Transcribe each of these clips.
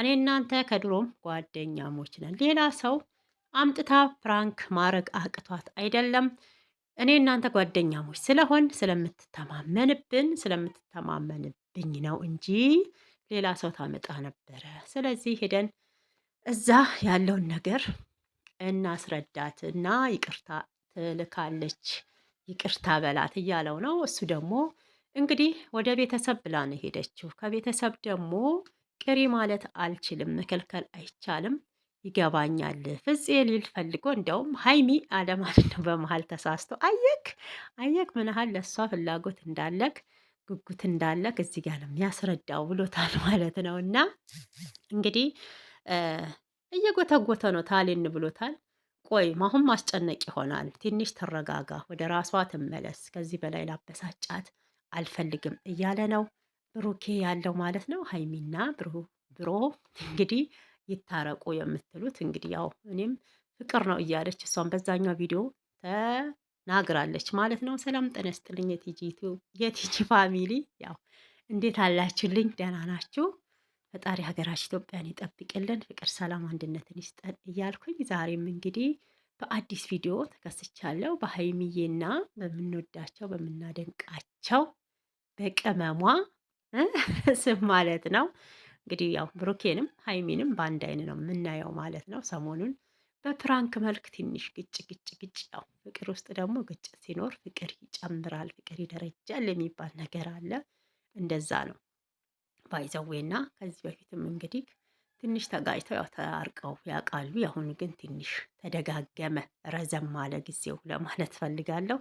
እኔ እናንተ ከድሮም ጓደኛሞች ነን። ሌላ ሰው አምጥታ ፕራንክ ማድረግ አቅቷት አይደለም። እኔ እናንተ ጓደኛሞች ስለሆን ስለምትተማመንብን ስለምትተማመንብኝ ነው እንጂ ሌላ ሰው ታመጣ ነበረ። ስለዚህ ሄደን እዛ ያለውን ነገር እናስረዳት እና ይቅርታ ትልካለች፣ ይቅርታ በላት እያለው ነው። እሱ ደግሞ እንግዲህ ወደ ቤተሰብ ብላ ነው ሄደችው። ከቤተሰብ ደግሞ ቅሪ ማለት አልችልም፣ መከልከል አይቻልም፣ ይገባኛል ፍፄ ሊል ፈልጎ እንዲያውም ሀይሚ አለማለት ነው። በመሀል ተሳስቶ አየክ አየክ ምን ያህል ለእሷ ፍላጎት እንዳለክ ጉጉት እንዳለክ እዚህ ጋር ነው የሚያስረዳው ብሎታል ማለት ነው። እና እንግዲህ እየጎተጎተ ነው ታሌን ብሎታል። ቆይ አሁን ማስጨነቅ ይሆናል። ትንሽ ትረጋጋ፣ ወደ ራሷ ትመለስ፣ ከዚህ በላይ ላበሳጫት አልፈልግም እያለ ነው። ብሩኬ ያለው ማለት ነው። ሀይሚና ብሮ እንግዲህ ይታረቁ የምትሉት እንግዲህ ያው እኔም ፍቅር ነው እያለች እሷም በዛኛው ቪዲዮ ተናግራለች ማለት ነው። ሰላም ጤና ይስጥልኝ የቲጂ ፋሚሊ ያው እንዴት አላችሁልኝ? ደህና ናችሁ? ፈጣሪ ሀገራችን ኢትዮጵያን ይጠብቅልን፣ ፍቅር፣ ሰላም፣ አንድነትን ይስጠን እያልኩኝ ዛሬም እንግዲህ በአዲስ ቪዲዮ ተከስቻለሁ። በሀይሚዬና በምንወዳቸው በምናደንቃቸው በቅመሟ ስም ማለት ነው። እንግዲህ ያው ብሩኬንም ሀይሚንም በአንድ አይን ነው የምናየው ማለት ነው። ሰሞኑን በፕራንክ መልክ ትንሽ ግጭ ግጭ ግጭ፣ ያው ፍቅር ውስጥ ደግሞ ግጭት ሲኖር ፍቅር ይጨምራል፣ ፍቅር ይደረጃል የሚባል ነገር አለ። እንደዛ ነው ባይዘዌና ከዚህ በፊትም እንግዲህ ትንሽ ተጋጭተው ያው ተርቀው ያውቃሉ። የአሁኑ ግን ትንሽ ተደጋገመ፣ ረዘም አለ ጊዜው ለማለት ፈልጋለሁ።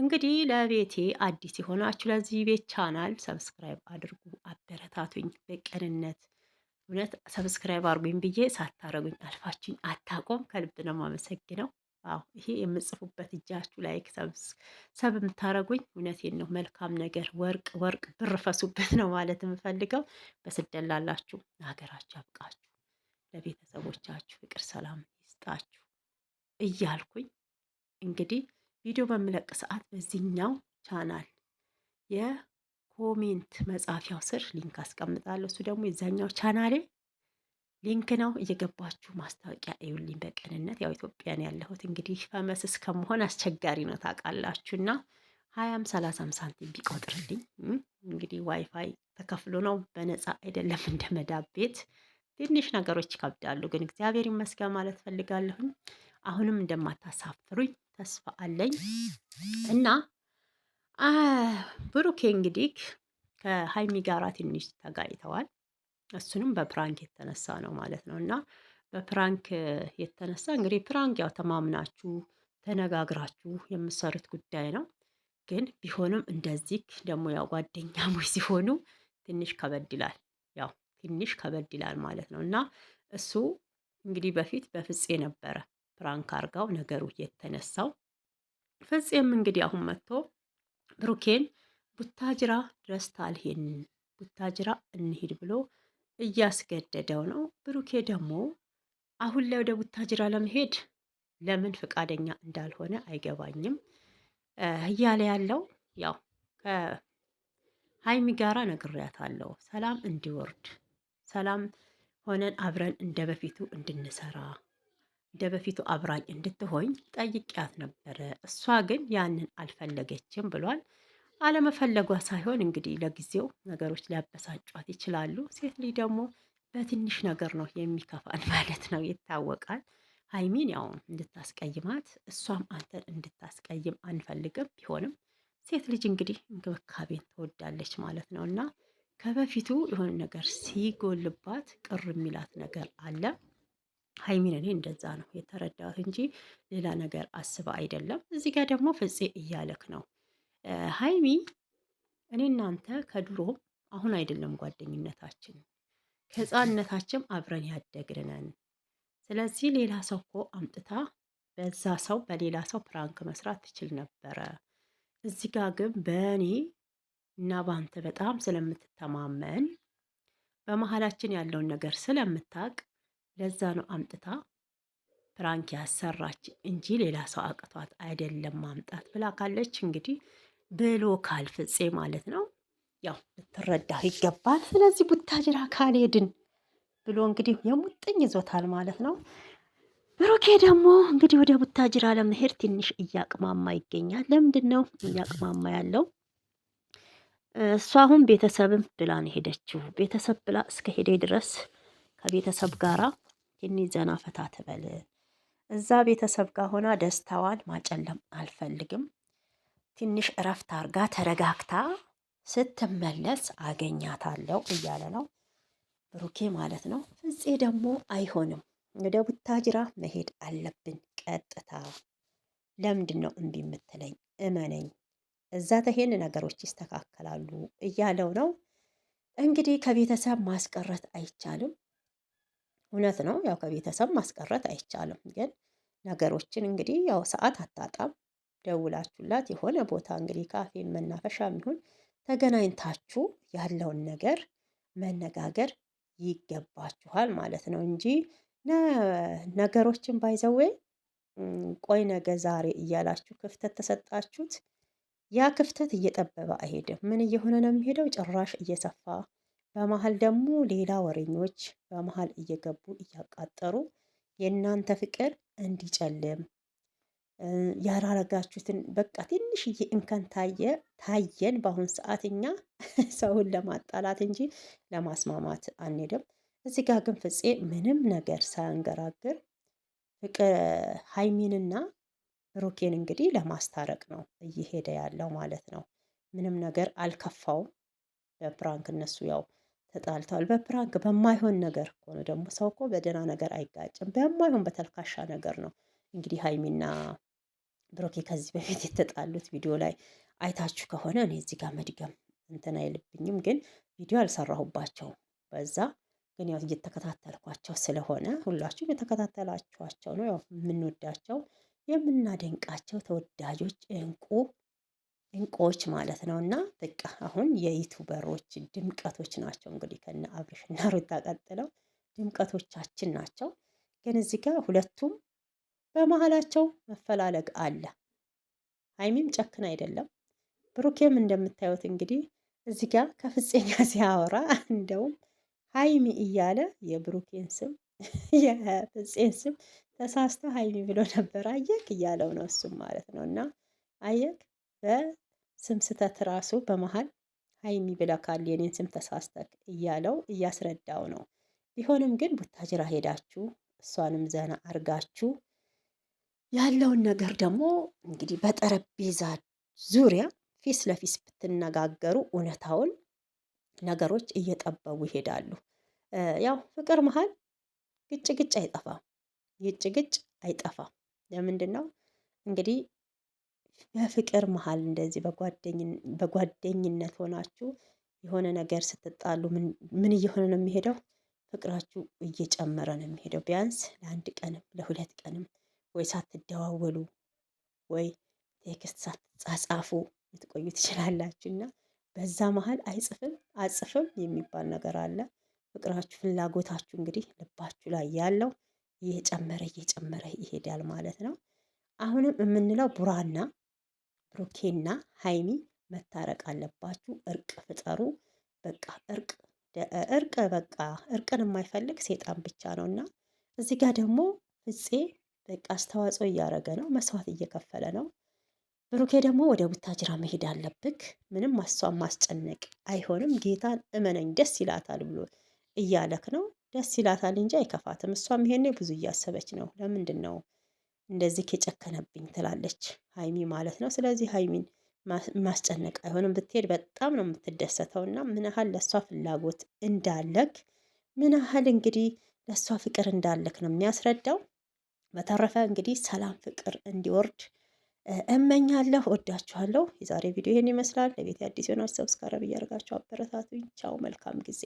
እንግዲህ ለቤቴ አዲስ የሆናችሁ ለዚህ ቤት ቻናል ሰብስክራይብ አድርጉ፣ አበረታቱኝ በቅንነት እውነት ሰብስክራይብ አድርጉኝ ብዬ ሳታረጉኝ አልፋችኝ አታቆም። ከልብ ነው የማመሰግነው። አዎ ይሄ የምጽፉበት እጃችሁ ላይክ ሰብ የምታደርጉኝ እውነቴን ነው። መልካም ነገር ወርቅ ወርቅ ብር ፈሱበት ነው ማለት የምፈልገው። በስደት ላላችሁ ለሀገራችሁ ያብቃችሁ፣ ለቤተሰቦቻችሁ ፍቅር ሰላም ይስጣችሁ እያልኩኝ እንግዲህ ቪዲዮ በምለቅ ሰዓት በዚህኛው ቻናል የኮሜንት መጻፊያው ስር ሊንክ አስቀምጣለሁ። እሱ ደግሞ የዛኛው ቻናሌ ሊንክ ነው እየገባችሁ ማስታወቂያ እዩልኝ በቅንነት ያው ኢትዮጵያን ያለሁት እንግዲህ ፈመስ እስከመሆን አስቸጋሪ ነው ታውቃላችሁ እና ሀያም ሰላሳም ሳንቲም ቢቆጥርልኝ እንግዲህ ዋይፋይ ተከፍሎ ነው በነፃ አይደለም እንደ መዳብ ቤት ትንሽ ነገሮች ይከብዳሉ ግን እግዚአብሔር ይመስገን ማለት ፈልጋለሁኝ አሁንም እንደማታሳፍሩኝ ተስፋ አለኝ እና ብሩኬ እንግዲህ ከሀይሚ ጋራ ትንሽ ተጋጭተዋል እሱንም በፕራንክ የተነሳ ነው ማለት ነው። እና በፕራንክ የተነሳ እንግዲህ ፕራንክ ያው ተማምናችሁ ተነጋግራችሁ የምሰሩት ጉዳይ ነው። ግን ቢሆንም እንደዚህ ደግሞ ያው ጓደኛሞች ሲሆኑ ትንሽ ከበድ ይላል፣ ያው ትንሽ ከበድ ይላል ማለት ነው። እና እሱ እንግዲህ በፊት በፍፄ ነበረ ፕራንክ አርጋው ነገሩ የተነሳው። ፍፄም እንግዲህ አሁን መጥቶ ብሩኬን ቡታጅራ ድረስ ታልሄን ቡታጅራ እንሂድ ብሎ እያስገደደው ነው። ብሩኬ ደግሞ አሁን ላይ ወደ ቡታጅራ ለመሄድ ለምን ፈቃደኛ እንዳልሆነ አይገባኝም እያለ ያለው ያው ከሀይሚ ጋራ ነግሬያታለሁ። ሰላም እንዲወርድ ሰላም ሆነን አብረን እንደ በፊቱ እንድንሰራ እንደ በፊቱ አብራኝ እንድትሆኝ ጠይቂያት ነበረ። እሷ ግን ያንን አልፈለገችም ብሏል። አለመፈለጓ ሳይሆን እንግዲህ ለጊዜው ነገሮች ሊያበሳጯት ይችላሉ። ሴት ልጅ ደግሞ በትንሽ ነገር ነው የሚከፋን ማለት ነው፣ ይታወቃል። ሀይሚን ያው እንድታስቀይማት እሷም አንተን እንድታስቀይም አንፈልግም። ቢሆንም ሴት ልጅ እንግዲህ እንክብካቤን ትወዳለች ማለት ነው እና ከበፊቱ የሆነ ነገር ሲጎልባት ቅር የሚላት ነገር አለ። ሀይሚን እኔ እንደዛ ነው የተረዳሁት እንጂ ሌላ ነገር አስባ አይደለም። እዚህ ጋር ደግሞ ፍፄ እያለክ ነው ሀይሚ እኔ እናንተ ከድሮ አሁን አይደለም ጓደኝነታችን፣ ከህፃንነታችን አብረን ያደግንነን። ስለዚህ ሌላ ሰው እኮ አምጥታ በዛ ሰው በሌላ ሰው ፕራንክ መስራት ትችል ነበረ። እዚህ ጋ ግን በእኔ እና በአንተ በጣም ስለምትተማመን በመሀላችን ያለውን ነገር ስለምታውቅ ለዛ ነው አምጥታ ፕራንክ ያሰራች እንጂ ሌላ ሰው አቅቷት አይደለም ማምጣት ብላ ካለች እንግዲህ ብሎካል ፍፄ ማለት ነው። ያው ልትረዳህ ይገባል። ስለዚህ ቡታጅራ ካልሄድን ብሎ እንግዲህ የሙጥኝ ይዞታል ማለት ነው። ብሩኬ ደግሞ እንግዲህ ወደ ቡታጅራ ለመሄድ ትንሽ እያቅማማ ይገኛል። ለምንድን ነው እያቅማማ ያለው? እሱ አሁን ቤተሰብም ብላ ነው ሄደችው። ቤተሰብ ብላ እስከ ሄደ ድረስ ከቤተሰብ ጋራ ትንሽ ዘና ፈታ ትበል። እዛ ቤተሰብ ጋር ሆና ደስታዋን ማጨለም አልፈልግም ትንሽ እረፍት አርጋ ተረጋግታ ስትመለስ አገኛታለሁ እያለ ነው ብሩኬ ማለት ነው። ፍፄ ደግሞ አይሆንም ወደ ቡታጅራ መሄድ አለብን ቀጥታ። ለምንድን ነው እምቢ የምትለኝ? እመነኝ፣ እዛ ተሄን ነገሮች ይስተካከላሉ እያለው ነው። እንግዲህ ከቤተሰብ ማስቀረት አይቻልም። እውነት ነው፣ ያው ከቤተሰብ ማስቀረት አይቻልም። ግን ነገሮችን እንግዲህ ያው ሰዓት አታጣም ደውላችሁላት የሆነ ቦታ እንግዲህ ካፌን መናፈሻ የሚሆን ተገናኝታችሁ ያለውን ነገር መነጋገር ይገባችኋል ማለት ነው እንጂ ነገሮችን ባይዘዌ ቆይ ነገ ዛሬ እያላችሁ ክፍተት ተሰጣችሁት። ያ ክፍተት እየጠበበ አይሄድም። ምን እየሆነ ነው የሚሄደው? ጭራሽ እየሰፋ በመሀል ደግሞ ሌላ ወሬኞች በመሀል እየገቡ እያቃጠሩ የእናንተ ፍቅር እንዲጨልም ያራረጋችሁትን በቃ ትንሽዬ እንከን ታየ ታየን። በአሁን ሰዓት እኛ ሰውን ለማጣላት እንጂ ለማስማማት አንሄድም። እዚህ ጋር ግን ፍፄ ምንም ነገር ሳያንገራግር ፍቅር ሀይሚንና ብሩኬን እንግዲህ ለማስታረቅ ነው እየሄደ ያለው ማለት ነው። ምንም ነገር አልከፋውም። በፕራንክ እነሱ ያው ተጣልተዋል። በፕራንክ በማይሆን ነገር እኮ ደግሞ ሰው እኮ በደህና ነገር አይጋጭም። በማይሆን በተልካሻ ነገር ነው እንግዲህ ሀይሚና ብሩኬ ከዚህ በፊት የተጣሉት ቪዲዮ ላይ አይታችሁ ከሆነ እኔ እዚህ ጋር መድገም እንትን አይልብኝም፣ ግን ቪዲዮ አልሰራሁባቸው በዛ ግን ያው እየተከታተልኳቸው ስለሆነ ሁላችሁም የተከታተላችኋቸው ነው። ያው የምንወዳቸው የምናደንቃቸው ተወዳጆች እንቁ እንቁዎች ማለት ነው። እና በቃ አሁን የዩቱበሮች ድምቀቶች ናቸው። እንግዲህ ከነ አብርሽና ሩታ ቀጥለው ድምቀቶቻችን ናቸው። ግን እዚህ ጋር ሁለቱም በመሀላቸው መፈላለግ አለ። ሀይሚም ጨክን አይደለም። ብሩኬም እንደምታዩት እንግዲህ እዚህ ጋ ከፍፄ ሲያወራ እንደውም ሀይሚ እያለ የብሩኬን ስም የፍፄን ስም ተሳስቶ ሀይሚ ብሎ ነበር። አየክ እያለው ነው እሱም ማለት ነው። እና አየክ በስም ስተት ራሱ በመሀል ሀይሚ ብለካል የኔን ስም ተሳስተክ እያለው እያስረዳው ነው። ቢሆንም ግን ቡታጅራ ሄዳችሁ እሷንም ዘና አርጋችሁ ያለውን ነገር ደግሞ እንግዲህ በጠረጴዛ ዙሪያ ፊስ ለፊስ ብትነጋገሩ እውነታውን ነገሮች እየጠበቡ ይሄዳሉ። ያው ፍቅር መሀል ግጭ ግጭ አይጠፋም፣ ግጭ ግጭ አይጠፋም። ለምንድን ነው እንግዲህ በፍቅር መሀል እንደዚህ በጓደኝነት ሆናችሁ የሆነ ነገር ስትጣሉ ምን እየሆነ ነው የሚሄደው? ፍቅራችሁ እየጨመረ ነው የሚሄደው። ቢያንስ ለአንድ ቀንም ለሁለት ቀንም ወይ ሳትደዋወሉ ወይ ቴክስት ሳትጻጻፉ ልትቆዩ ትችላላችሁ እና በዛ መሀል አይጽፍም አጽፍም የሚባል ነገር አለ። ፍቅራችሁ ፍላጎታችሁ እንግዲህ ልባችሁ ላይ ያለው እየጨመረ እየጨመረ ይሄዳል ማለት ነው። አሁንም የምንለው ቡራና ብሩኬና ሀይሚ መታረቅ አለባችሁ። እርቅ ፍጠሩ። በቃ እርቅ እርቅ በቃ እርቅን የማይፈልግ ሴጣን ብቻ ነው እና እዚህ ጋር ደግሞ ፍፄ በቃ አስተዋጽኦ እያደረገ ነው፣ መስዋዕት እየከፈለ ነው። ብሩኬ ደግሞ ወደ ቡታጅራ መሄድ አለብክ፣ ምንም እሷን ማስጨነቅ አይሆንም፣ ጌታን እመነኝ ደስ ይላታል ብሎ እያለክ ነው። ደስ ይላታል እንጂ አይከፋትም። እሷም ይሄኔ ብዙ እያሰበች ነው። ለምንድን ነው እንደዚህ የጨከነብኝ ትላለች ሀይሚ ማለት ነው። ስለዚህ ሀይሚን ማስጨነቅ አይሆንም። ብትሄድ በጣም ነው የምትደሰተው። እና ምን ያህል ለእሷ ፍላጎት እንዳለክ ምን ያህል እንግዲህ ለእሷ ፍቅር እንዳለክ ነው የሚያስረዳው። በተረፈ እንግዲህ ሰላም ፍቅር እንዲወርድ እመኛለሁ። ወዳችኋለሁ። የዛሬ ቪዲዮ ይህን ይመስላል። ለቤት አዲስ የሆናችሁ ሰብስክራይብ እያደርጋችሁ አበረታቱኝ። ቻው፣ መልካም ጊዜ